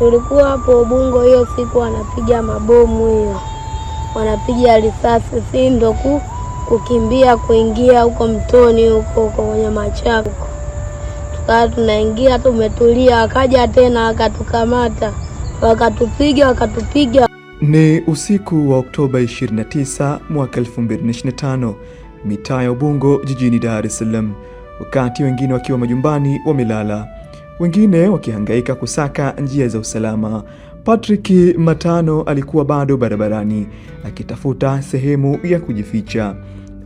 Tulikuwa hapo Ubungo hiyo siku, wanapiga mabomu hiyo, wanapiga risasi, si ndo ku kukimbia kuingia huko mtoni huko huko kwenye machako, tukawa tunaingia tumetulia, wakaja tena wakatukamata, wakatupiga wakatupiga. Ni usiku wa Oktoba 29 mwaka 2025, mitaa ya Ubungo jijini Dar es Salaam, wakati wengine wakiwa majumbani wamelala wengine wakihangaika kusaka njia za usalama. Patrick Matano alikuwa bado barabarani akitafuta sehemu ya kujificha,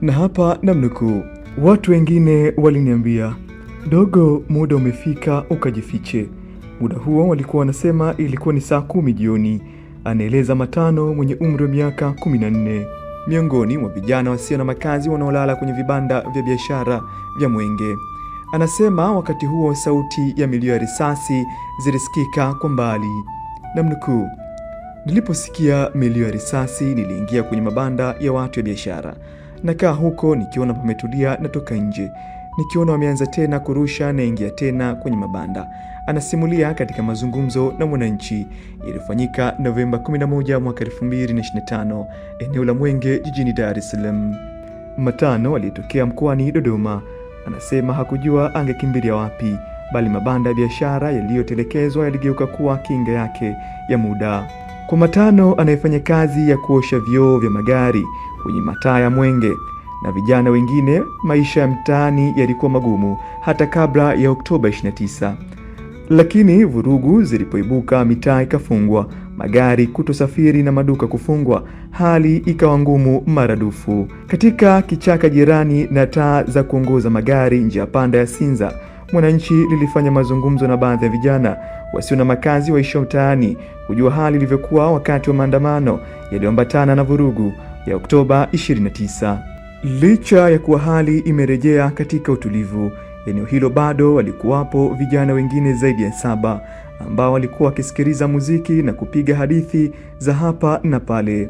na hapa namnukuu: watu wengine waliniambia, dogo, muda umefika ukajifiche. Muda huo walikuwa wanasema ilikuwa ni saa kumi jioni, anaeleza Matano mwenye umri wa miaka 14, miongoni mwa vijana wasio na makazi wanaolala kwenye vibanda vya biashara vya Mwenge. Anasema wakati huo sauti ya milio ya risasi zilisikika kwa mbali, namnukuu, niliposikia milio ya risasi niliingia kwenye mabanda ya watu ya biashara, nakaa huko nikiona pametulia, natoka nje nikiona wameanza tena kurusha na ingia tena kwenye mabanda, anasimulia katika mazungumzo na Mwananchi yaliyofanyika Novemba 11 mwaka 2025 eneo la Mwenge jijini Dar es Salaam. Matano aliyetokea mkoani Dodoma Anasema hakujua angekimbilia wapi, bali mabanda ya biashara yaliyotelekezwa yaligeuka kuwa kinga yake ya muda. Kwa Matano, anayefanya kazi ya kuosha vyoo vya magari kwenye mataa ya Mwenge na vijana wengine, maisha ya mtaani yalikuwa magumu hata kabla ya Oktoba 29. Lakini vurugu zilipoibuka, mitaa ikafungwa, magari kutosafiri na maduka kufungwa, hali ikawa ngumu maradufu. Katika kichaka jirani na taa za kuongoza magari njia panda ya Sinza, Mwananchi lilifanya mazungumzo na baadhi ya vijana wasio na makazi waishio mtaani kujua hali ilivyokuwa wakati wa maandamano yaliyoambatana na vurugu ya Oktoba 29. Licha ya kuwa hali imerejea katika utulivu, eneo hilo bado walikuwapo vijana wengine zaidi ya saba ambao walikuwa wakisikiliza muziki na kupiga hadithi za hapa na pale.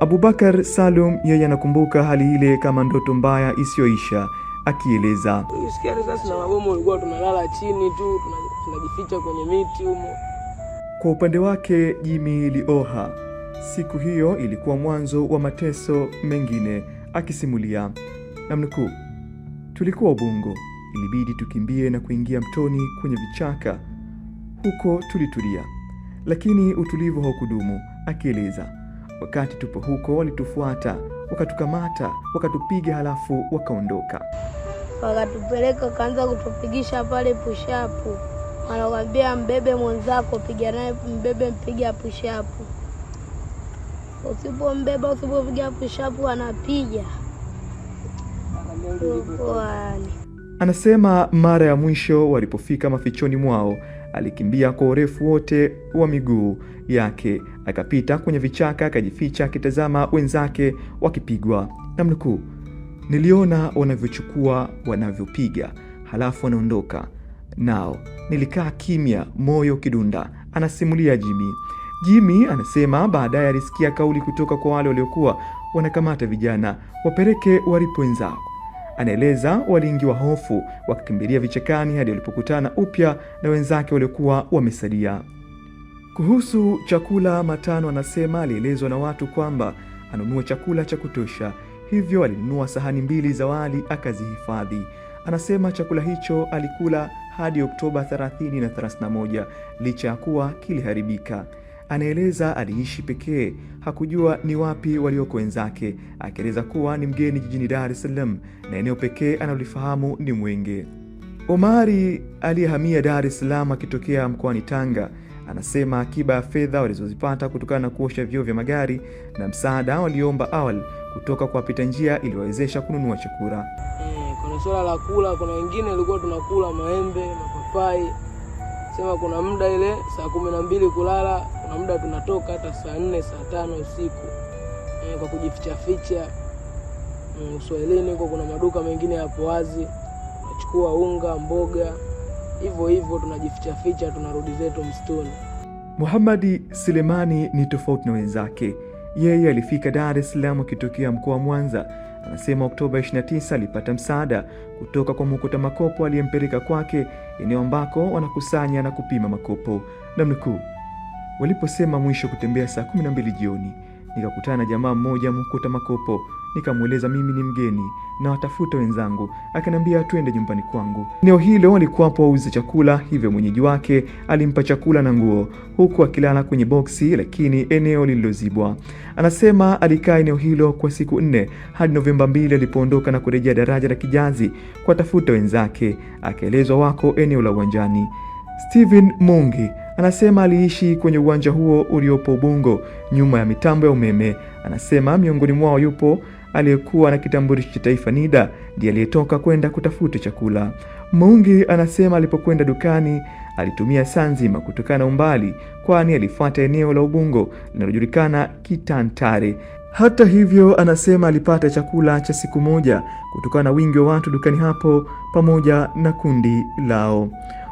Abubakar Salum yeye anakumbuka hali ile kama ndoto mbaya isiyoisha, akieleza kwa upande wake Jimi Lioha, siku hiyo ilikuwa mwanzo wa mateso mengine, akisimulia namnukuu, tulikuwa Ubungo, ilibidi tukimbie na kuingia mtoni kwenye vichaka huko tulitulia, lakini utulivu haukudumu, akieleza. Wakati tupo huko, walitufuata wakatukamata, wakatupiga, halafu wakaondoka, wakatupeleka wakaanza kutupigisha pale pushapu, wanakwambia mbebe mwenzako, piga naye, mbebe, mpiga pushapu usipombeba usipopiga pushapu anapiga. Anasema mara ya mwisho walipofika mafichoni mwao alikimbia kwa urefu wote wa miguu yake, akapita kwenye vichaka, akajificha akitazama wenzake wakipigwa. Namnukuu, niliona wanavyochukua, wanavyopiga, halafu wanaondoka nao. Nilikaa kimya, moyo kidunda, anasimulia Jimmy. Jimmy anasema baadaye alisikia kauli kutoka kwa wale waliokuwa wanakamata vijana, wapeleke waripo wenzao. Anaeleza waliingiwa hofu, wakakimbilia vichekani hadi walipokutana upya na wenzake waliokuwa wamesalia. Kuhusu chakula, Matano anasema alielezwa na watu kwamba anunua chakula cha kutosha, hivyo alinunua sahani mbili za wali akazihifadhi. Anasema chakula hicho alikula hadi Oktoba 30 na 31 licha ya kuwa kiliharibika. Anaeleza aliishi pekee, hakujua ni wapi walioko wenzake, akieleza kuwa ni mgeni jijini Dar es Salaam na eneo pekee analolifahamu ni Mwenge. Omari aliyehamia Dar es Salaam akitokea mkoani Tanga anasema akiba ya fedha walizozipata kutokana na kuosha vyoo vya magari na msaada waliomba awali kutoka kwa wapita njia iliwawezesha kununua chakula. E, kuna swala la kula, kuna wengine walikuwa tunakula maembe, mapapai sema kuna muda ile saa kumi na mbili kulala, kuna muda tunatoka hata saa nne saa tano usiku e, kwa kujificha ficha mm, uswahilini huko. Kuna maduka mengine yapo wazi, tunachukua unga, mboga, hivyo hivyo tunajificha ficha, tunarudi zetu msituni. Muhamadi Selemani ni tofauti na wenzake. Yeye alifika Dar es Salaam akitokea mkoa wa Mwanza anasema Oktoba 29 alipata msaada kutoka kwa mokota makopo aliyempeleka kwake eneo ambako wanakusanya na kupima makopo. Namnukuu, waliposema mwisho kutembea saa 12 jioni, nikakutana na jamaa mmoja mokota makopo Nikamweleza mimi ni mgeni na watafuta wenzangu, akaniambia twende nyumbani kwangu. Eneo hilo walikuwapo wauza chakula, hivyo mwenyeji wake alimpa chakula na nguo, huku akilala kwenye boksi, lakini eneo lililozibwa. Anasema alikaa eneo hilo kwa siku nne hadi Novemba mbili alipoondoka na kurejea daraja la Kijazi kwa tafuta wenzake, akaelezwa wako eneo la uwanjani. Steven Mungi anasema aliishi kwenye uwanja huo uliopo Ubungo, nyuma ya mitambo ya umeme. Anasema miongoni mwao yupo aliyekuwa na kitambulisho cha taifa NIDA ndiye aliyetoka kwenda kutafuta chakula. maungi anasema alipokwenda dukani alitumia saa nzima kutokana na umbali, kwani alifuata eneo la Ubungo linalojulikana Kitantare. Hata hivyo, anasema alipata chakula cha siku moja kutokana na wingi wa watu dukani hapo pamoja na kundi lao.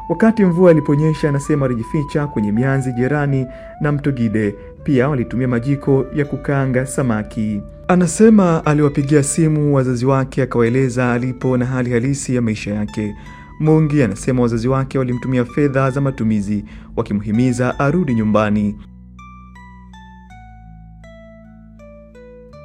Wakati mvua iliponyesha, anasema walijificha kwenye mianzi jirani na mto Gide. Pia walitumia majiko ya kukanga samaki. Anasema aliwapigia simu wazazi wake akawaeleza alipo na hali halisi ya maisha yake. Mungi anasema wazazi wake walimtumia fedha za matumizi wakimhimiza arudi nyumbani.